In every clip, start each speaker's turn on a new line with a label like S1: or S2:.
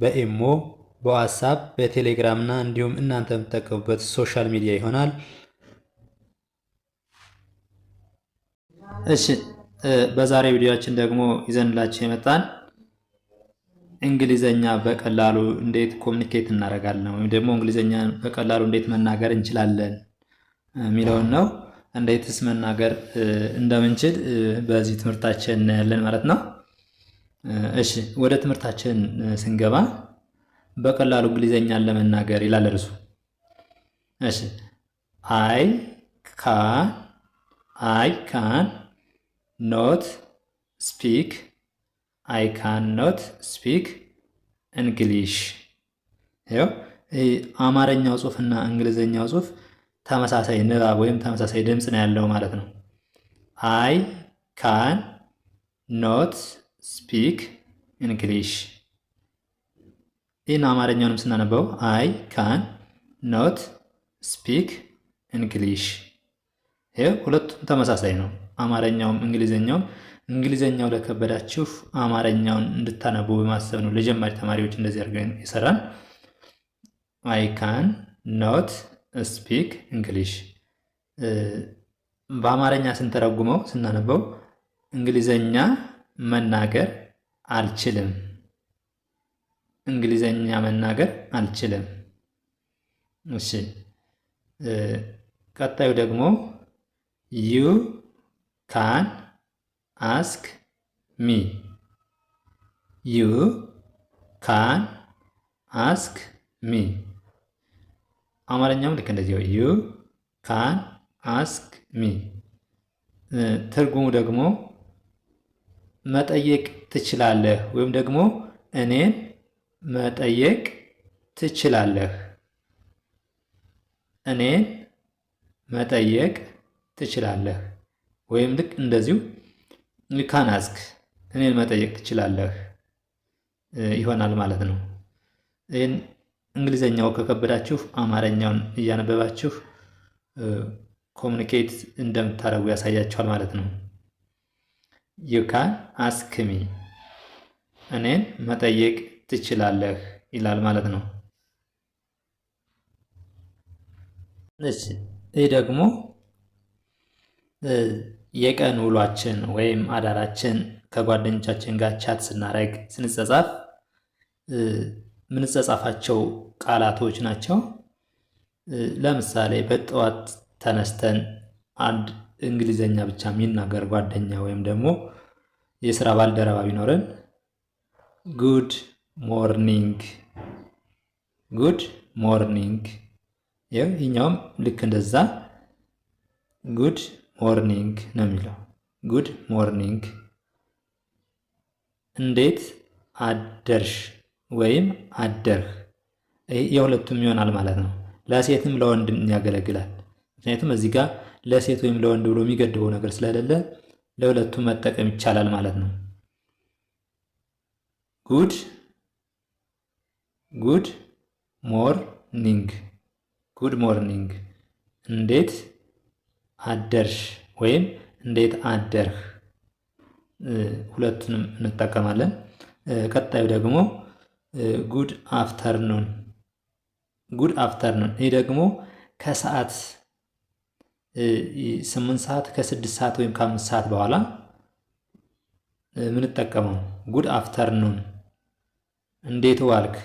S1: በኤሞ በዋትሳፕ በቴሌግራም እና እንዲሁም እናንተ የምትጠቀሙበት ሶሻል ሚዲያ ይሆናል። እሺ በዛሬ ቪዲዮችን ደግሞ ይዘንላችሁ የመጣን እንግሊዘኛ በቀላሉ እንዴት ኮሚኒኬት እናደርጋለን ወይም ደግሞ እንግሊዘኛ በቀላሉ እንዴት መናገር እንችላለን የሚለውን ነው። እንዴትስ መናገር እንደምንችል በዚህ ትምህርታችን እናያለን ማለት ነው። እሺ ወደ ትምህርታችን ስንገባ በቀላሉ እንግሊዘኛን ለመናገር ይላል እርሱ። እሺ አይ ካ አይ ካን ኖት ስፒክ አይ ካን ኖት ስፒክ እንግሊሽ። ይህ አማርኛው ጽሑፍና እንግሊዘኛው ጽሁፍ ተመሳሳይ ንባብ ወይም ተመሳሳይ ድምፅ ነው ያለው ማለት ነው። አይ ካን ኖት ስፒክ እንግሊሽ። ይህን አማርኛውንም ስናነበው አይ ካን ኖት ስፒክ እንግሊሽ። ይህ ሁለቱም ተመሳሳይ ነው፣ አማርኛውም እንግሊዝኛውም። እንግሊዝኛው ለከበዳችሁ አማርኛውን እንድታነቡ በማሰብ ነው ለጀማሪ ተማሪዎች እንደዚህ አድርገን የሰራን። አይ ካን ኖት ስፒክ እንግሊሽ በአማርኛ ስንተረጉመው ስናነበው እንግሊዘኛ? መናገር አልችልም። እንግሊዘኛ መናገር አልችልም። እሺ ቀጣዩ ደግሞ ዩ ካን አስክ ሚ ዩ ካን አስክ ሚ አማርኛውም ልክ እንደዚያው ዩ ካን አስክ ሚ ትርጉሙ ደግሞ መጠየቅ ትችላለህ ወይም ደግሞ እኔን መጠየቅ ትችላለህ። እኔን መጠየቅ ትችላለህ። ወይም ልክ እንደዚሁ ካናስክ እኔን መጠየቅ ትችላለህ ይሆናል ማለት ነው። ይህን እንግሊዘኛው ከከበዳችሁ አማርኛውን እያነበባችሁ ኮሚኒኬት እንደምታደርጉ ያሳያችኋል ማለት ነው። ዩካን ካን አስክ ሚ እኔን መጠየቅ ትችላለህ ይላል ማለት ነው። ይህ ደግሞ የቀን ውሏችን ወይም አዳራችን ከጓደኞቻችን ጋር ቻት ስናደርግ ስንጸጻፍ የምንጸጻፋቸው ቃላቶች ናቸው። ለምሳሌ በጠዋት ተነስተን አንድ እንግሊዘኛ ብቻ የሚናገር ጓደኛ ወይም ደግሞ የስራ ባልደረባ ቢኖረን ጉድ ሞርኒንግ ጉድ ሞርኒንግ ይህኛውም ልክ እንደዛ ጉድ ሞርኒንግ ነው የሚለው። ጉድ ሞርኒንግ እንዴት አደርሽ ወይም አደርህ የሁለቱም ይሆናል ማለት ነው። ለሴትም ለወንድም ያገለግላል። ምክንያቱም እዚህ ጋር ለሴት ወይም ለወንድ ብሎ የሚገድበው ነገር ስለሌለ ለሁለቱም መጠቀም ይቻላል ማለት ነው። ጉድ ጉድ ሞርኒንግ ጉድ ሞርኒንግ፣ እንዴት አደርሽ ወይም እንዴት አደርህ፣ ሁለቱንም እንጠቀማለን። ቀጣዩ ደግሞ ጉድ አፍተርኑን ጉድ አፍተርኑን፣ ይህ ደግሞ ከሰዓት ስምንት ሰዓት ከስድስት ሰዓት ወይም ከአምስት ሰዓት በኋላ የምንጠቀመው ጉድ አፍተርኑን፣ እንዴት ዋልክ፣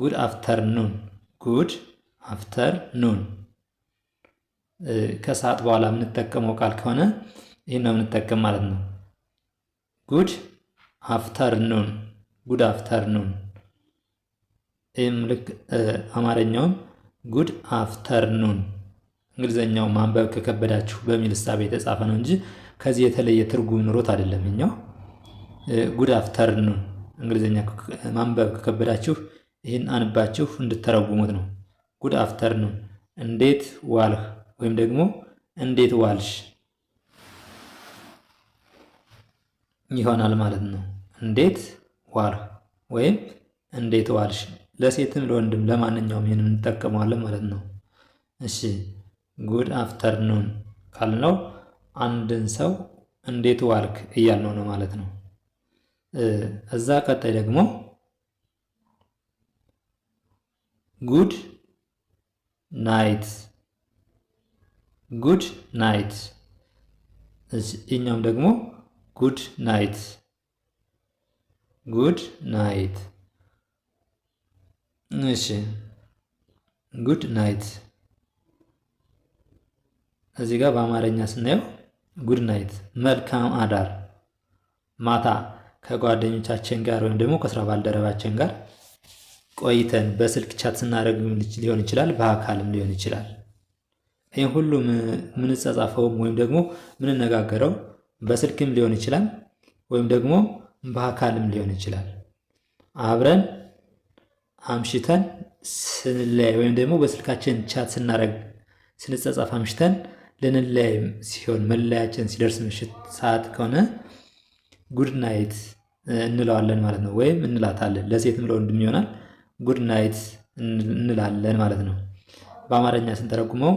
S1: ጉድ አፍተርኑን፣ ጉድ አፍተርኑን። ከሰዓት በኋላ የምንጠቀመው ቃል ከሆነ ይህን ነው የምንጠቀም ማለት ነው። ጉድ አፍተርኑን፣ ጉድ አፍተርኑን። ይህም ልክ አማርኛውም ጉድ አፍተርኑን እንግሊዘኛው ማንበብ ከከበዳችሁ በሚል እሳቤ የተጻፈ ነው እንጂ ከዚህ የተለየ ትርጉም ኑሮት አይደለም። እኛው ጉድ አፍተርኑን እንግሊዘኛ ማንበብ ከከበዳችሁ ይህን አንባችሁ እንድተረጉሙት ነው። ጉድ አፍተርኑን እንዴት ዋልህ ወይም ደግሞ እንዴት ዋልሽ ይሆናል ማለት ነው። እንዴት ዋልህ ወይም እንዴት ዋልሽ፣ ለሴትም ለወንድም ለማንኛውም ይህን እንጠቀመዋለን ማለት ነው። እሺ ጉድ አፍተርኑን ካልነው አንድን ሰው እንዴት ዋልክ እያልነው ነው ማለት ነው። እዛ ቀጣይ ደግሞ ጉድ ናይት ጉድ ናይት እኛም ደግሞ ጉድ ናይት ጉድ ናይት እሺ ጉድ ናይት እዚህ ጋር በአማርኛ ስናየው ጉድ ናይት መልካም አዳር። ማታ ከጓደኞቻችን ጋር ወይም ደግሞ ከስራ ባልደረባችን ጋር ቆይተን በስልክ ቻት ስናደረግ ሊሆን ይችላል፣ በአካልም ሊሆን ይችላል። ይህ ሁሉ ምንጸጻፈውም ወይም ደግሞ ምንነጋገረው በስልክም ሊሆን ይችላል፣ ወይም ደግሞ በአካልም ሊሆን ይችላል። አብረን አምሽተን ስንለያይ ወይም ደግሞ በስልካችን ቻት ስናደረግ ስንጸጻፍ አምሽተን ልንለያይም ሲሆን መለያችን ሲደርስ ምሽት ሰዓት ከሆነ ጉድ ናይት እንለዋለን ማለት ነው፣ ወይም እንላታለን። ለሴትም ለወንድም ይሆናል ጉድ ናይት እንላለን ማለት ነው። በአማርኛ ስንተረጉመው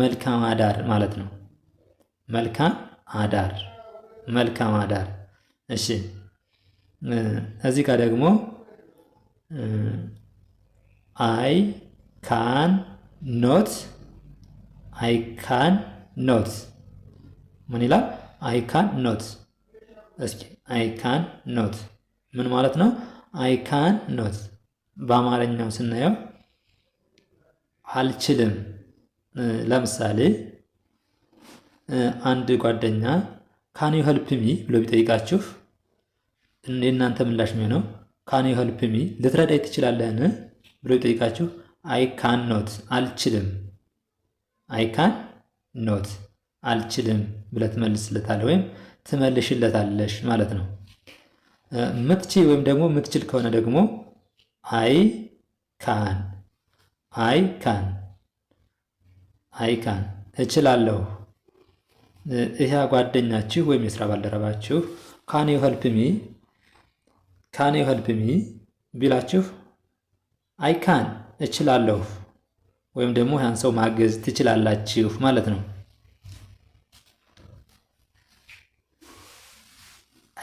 S1: መልካም አዳር ማለት ነው። መልካም አዳር፣ መልካም አዳር። እሺ፣ እዚህ ጋር ደግሞ አይ ካን ኖት አይ ካን ኖት ምን ይላል? አይ ካን ኖት። እስኪ አይ ካን ኖት ምን ማለት ነው? አይ ካን ኖት በአማርኛው ስናየው አልችልም። ለምሳሌ አንድ ጓደኛ ካን ዩ ሄልፕ ሚ ብሎ ቢጠይቃችሁ እናንተ ምላሽ የሚሆነው ካን ዩ ሄልፕ ሚ ልትረዳኝ ትችላለህን ብሎ ቢጠይቃችሁ አይ ካን ኖት አልችልም። አይ ካን ኖት አልችልም ብለህ ትመልስለታለህ ወይም ትመልሽለታለሽ ማለት ነው። ምትች ወይም ደግሞ ምትችል ከሆነ ደግሞ አይ ካን አይ ካን አይ ካን እችላለሁ። ይህ ጓደኛችሁ ወይም የስራ ባልደረባችሁ ካን ዩ ሄልፕ ሚ ካን ዩ ሄልፕ ሚ ቢላችሁ አይ ካን እችላለሁ ወይም ደግሞ ያን ሰው ማገዝ ትችላላችሁ ማለት ነው።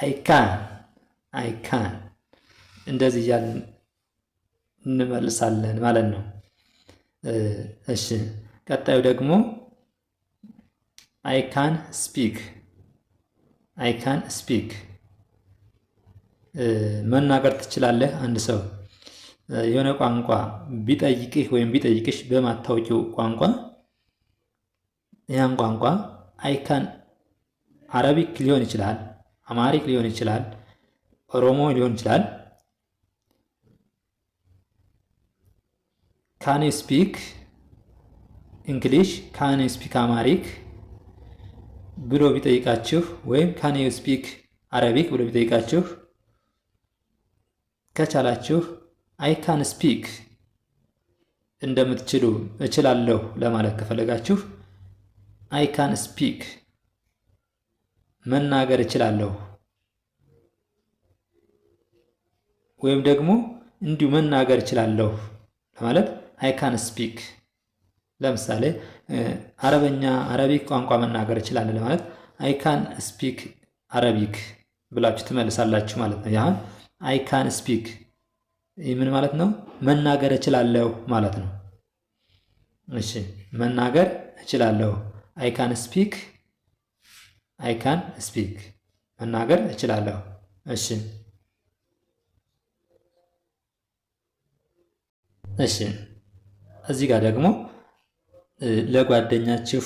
S1: አይካን ካን እንደዚህ እያልን እንመልሳለን ማለት ነው። እሺ ቀጣዩ ደግሞ ካን ስፒክ አይካን ስፒክ መናገር ትችላለህ አንድ ሰው የሆነ ቋንቋ ቢጠይቅህ ወይም ቢጠይቅሽ በማታወቂው ቋንቋ ያን ቋንቋ አይካን አረቢክ ሊሆን ይችላል፣ አማሪክ ሊሆን ይችላል፣ ኦሮሞ ሊሆን ይችላል። ካን ስፒክ እንግሊሽ ካን ስፒክ አማሪክ ብሎ ቢጠይቃችሁ ወይም ካን ስፒክ አረቢክ ብሎ ቢጠይቃችሁ ከቻላችሁ አይ ካን ስፒክ እንደምትችሉ እችላለሁ ለማለት ከፈለጋችሁ አይ ካን ስፒክ መናገር እችላለሁ ወይም ደግሞ እንዲሁ መናገር እችላለሁ ለማለት አይ ካን ስፒክ። ለምሳሌ አረበኛ አረቢክ ቋንቋ መናገር እችላለሁ ለማለት አይ ካን ስፒክ አረቢክ ብላችሁ ትመልሳላችሁ ማለት ነው። ያ አይ ካን ስፒክ ምን ማለት ነው? መናገር እችላለሁ ማለት ነው። እሺ መናገር እችላለሁ። አይ ካን ስፒክ አይ ካን ስፒክ መናገር እችላለሁ። እሺ እሺ እዚህ ጋር ደግሞ ለጓደኛችሁ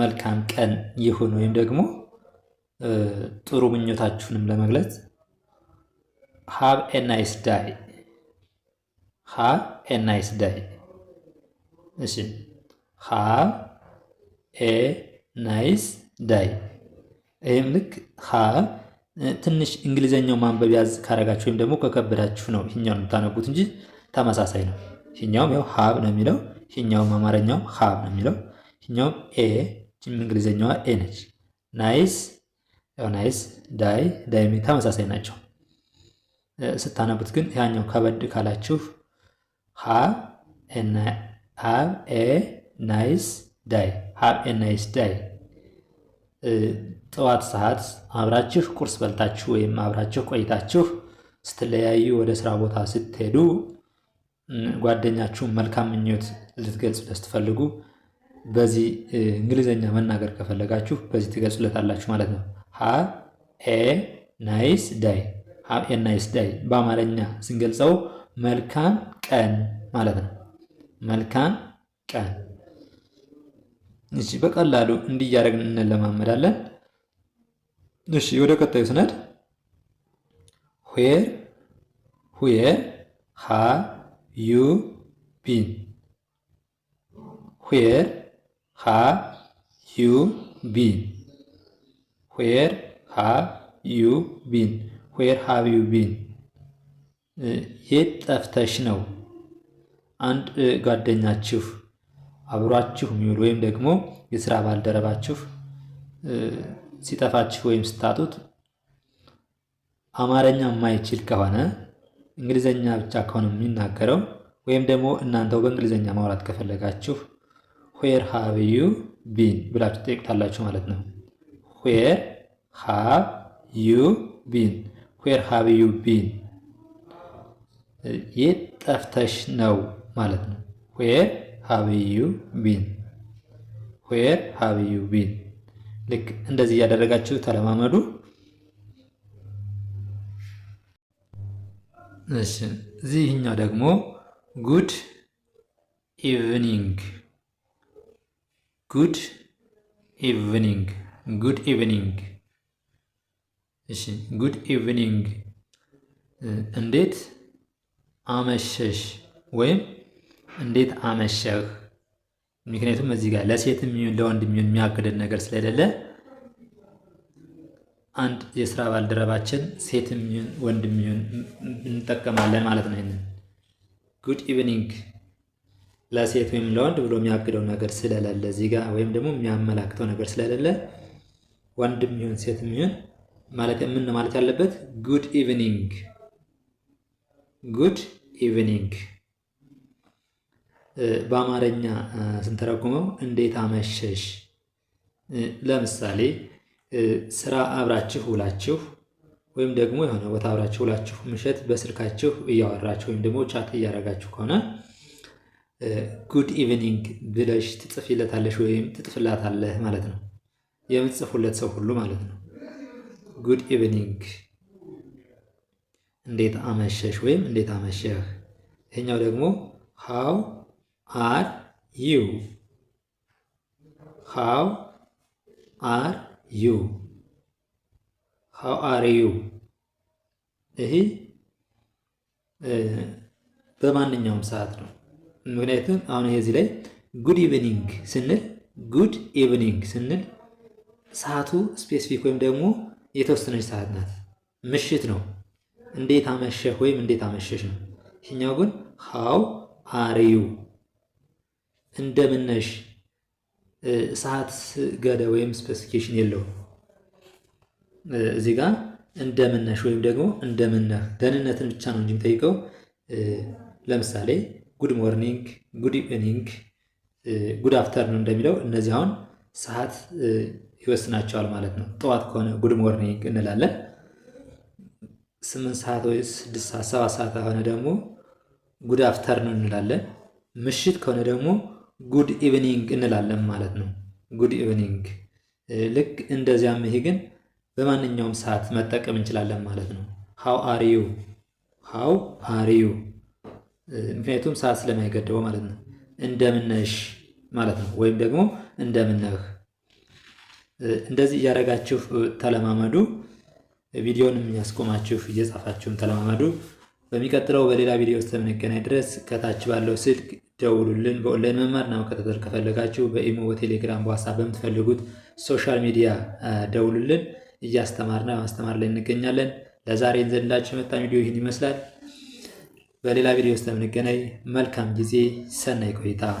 S1: መልካም ቀን ይሁን ወይም ደግሞ ጥሩ ምኞታችሁንም ለመግለጽ ሃቭ ኤ ናይስ ዳይ ሃቭ ኤ ናይስ ዳይ። እሺ ሃቭ ኤ ናይስ ዳይ። ይህም ልክ ሃቭ ትንሽ እንግሊዘኛው ማንበብ ያዝ ካረጋችሁ ወይም ደግሞ ከከበዳችሁ ነው ይህኛውን የምታነቡት እንጂ ተመሳሳይ ነው። ይህኛውም ያው ሃብ ነው የሚለው፣ ይህኛውም አማርኛው ሃብ ነው የሚለው። ይህኛውም ኤ እንግሊዘኛዋ ኤ ነች። ናይስ ያው ናይስ ዳይ ዳይ ተመሳሳይ ናቸው። ስታነቡት ግን ያኛው ከበድ ካላችሁ ሃብ ኤ ናይስ ዳይ ሃብ ኤ ናይስ ዳይ ጠዋት ሰዓት አብራችሁ ቁርስ በልታችሁ ወይም አብራችሁ ቆይታችሁ ስትለያዩ ወደ ስራ ቦታ ስትሄዱ ጓደኛችሁን መልካም ምኞት ልትገልጹለት ስትፈልጉ በዚህ እንግሊዘኛ መናገር ከፈለጋችሁ በዚህ ትገልጹለታላችሁ ማለት ነው። ሃ ኤ ናይስ ዳይ ሃብ ይስዳይ በአማርኛ ስንገልጸው መልካም ቀን ማለት ነው። መልካም ቀን። እሺ በቀላሉ እንዲህ እንለማመዳለን። እሺ ወደ ቀጣዩ ስነድ ሁየር ሁየር ሀ ዩ ቢን ሁየር ሀ ዩ ቢን ሁየር ሀ ዩ ቢን ዌር ሃቭ ዩ ቢን የት ጠፍተሽ ነው? አንድ ጓደኛችሁ አብሯችሁ የሚውል ወይም ደግሞ የስራ ባልደረባችሁ ሲጠፋችሁ ወይም ስታጡት አማርኛ የማይችል ከሆነ እንግሊዘኛ ብቻ ከሆነ የሚናገረው ወይም ደግሞ እናንተው በእንግሊዘኛ ማውራት ከፈለጋችሁ ዌር ሃቭ ዩ ቢን ብላችሁ ጠይቁታላችሁ ማለት ነው። ዌር ሃቭ ዩ ቢን ዌር ሃቭ ዩ ቢን የት ጠፍተሽ ነው ማለት ነው። ዌር ሃቭ ዩ ቢን ዌር ሃቭ ዩ ቢን። ልክ እንደዚህ እያደረጋችሁ ተለማመዱ። እሺ እዚህኛው ደግሞ ጉድ ኢቭኒንግ ጉድ ኢቭኒንግ ጉድ ኢቭኒንግ እሺ ጉድ ኢቭኒንግ እንዴት አመሸሽ ወይም እንዴት አመሸህ። ምክንያቱም እዚህ ጋር ለሴት የሚሆን ለወንድ የሚሆን የሚያግደን ነገር ስለሌለ አንድ የስራ ባልደረባችን ሴትም የሚሆን ወንድም የሚሆን እንጠቀማለን ማለት ነው። ይንን። ጉድ ኢቭኒንግ ለሴት ወይም ለወንድ ብሎ የሚያግደው ነገር ስለሌለ እዚህ ጋር ወይም ደግሞ የሚያመላክተው ነገር ስለሌለ ወንድም የሚሆን ሴትም የሚሆን ማለት ምን ማለት ያለበት ጉድ ኢቭኒንግ ጉድ ኢቭኒንግ በአማርኛ ስንተረጉመው እንዴት አመሸሽ። ለምሳሌ ስራ አብራችሁ ውላችሁ ወይም ደግሞ የሆነ ቦታ አብራችሁ ውላችሁ ምሽት በስልካችሁ እያወራችሁ ወይም ደግሞ ቻት እያደረጋችሁ ከሆነ ጉድ ኢቭኒንግ ብለሽ ትጽፊለታለሽ ወይም ትጥፍላታለህ ማለት ነው። የምትጽፉለት ሰው ሁሉ ማለት ነው። ጉድ ኢቭኒንግ እንዴት አመሸሽ ወይም እንዴት አመሸህ። ይሄኛው ደግሞ ሃው አር ዩ ሃው አር ዩ ሃው አር ዩ። ይሄ በማንኛውም ሰዓት ነው። ምክንያቱም አሁን ይሄ እዚህ ላይ ጉድ ኢቭኒንግ ስንል ጉድ ኢቭኒንግ ስንል ሰዓቱ ስፔሲፊክ ወይም ደግሞ የተወሰነች ሰዓት ናት። ምሽት ነው። እንዴት አመሸህ ወይም እንዴት አመሸሽ ነው። ይሄኛው ግን ሃው አሪዩ እንደምነሽ ሰዓት ገደ ወይም ስፔሲፊኬሽን የለው። እዚህ ጋር እንደምነሽ ወይም ደግሞ እንደምነህ ደህንነትን ብቻ ነው እንጂ የሚጠይቀው። ለምሳሌ ጉድ ሞርኒንግ፣ ጉድ ኢቭኒንግ፣ ጉድ ነው እንደሚለው እነዚህ አሁን ሰዓት ይወስናቸዋል ማለት ነው። ጠዋት ከሆነ ጉድ ሞርኒንግ እንላለን። ስምንት ሰዓት ወይ ስድስት ሰዓት ሰባት ሰዓት ከሆነ ደግሞ ጉድ ነው እንላለን። ምሽት ከሆነ ደግሞ ጉድ ኢቭኒንግ እንላለን ማለት ነው። ጉድ ኢቭኒንግ ልክ እንደዚያም ይሄ ግን በማንኛውም ሰዓት መጠቀም እንችላለን ማለት ነው። ሃው አሪዩ ሃው አሪዩ ምክንያቱም ሰዓት ስለማይገደበው ማለት ነው። እንደምነሽ ማለት ነው። ወይም ደግሞ እንደምነህ እንደዚህ እያደረጋችሁ ተለማመዱ። ቪዲዮንም ያስቆማችሁ እየጻፋችሁም ተለማመዱ። በሚቀጥለው በሌላ ቪዲዮ እስከምንገናኝ ድረስ ከታች ባለው ስልክ ደውሉልን። በኦንላይን መማርና መከታተል ከፈለጋችሁ በኢሞ፣ በቴሌግራም፣ በዋትስአፕ በምትፈልጉት ሶሻል ሚዲያ ደውሉልን። እያስተማርና በማስተማር ላይ እንገኛለን። ለዛሬ ዘንዳችሁ የመጣን ቪዲዮ ይህን ይመስላል። በሌላ ቪዲዮ እስከምንገናኝ መልካም ጊዜ፣ ሰናይ ቆይታ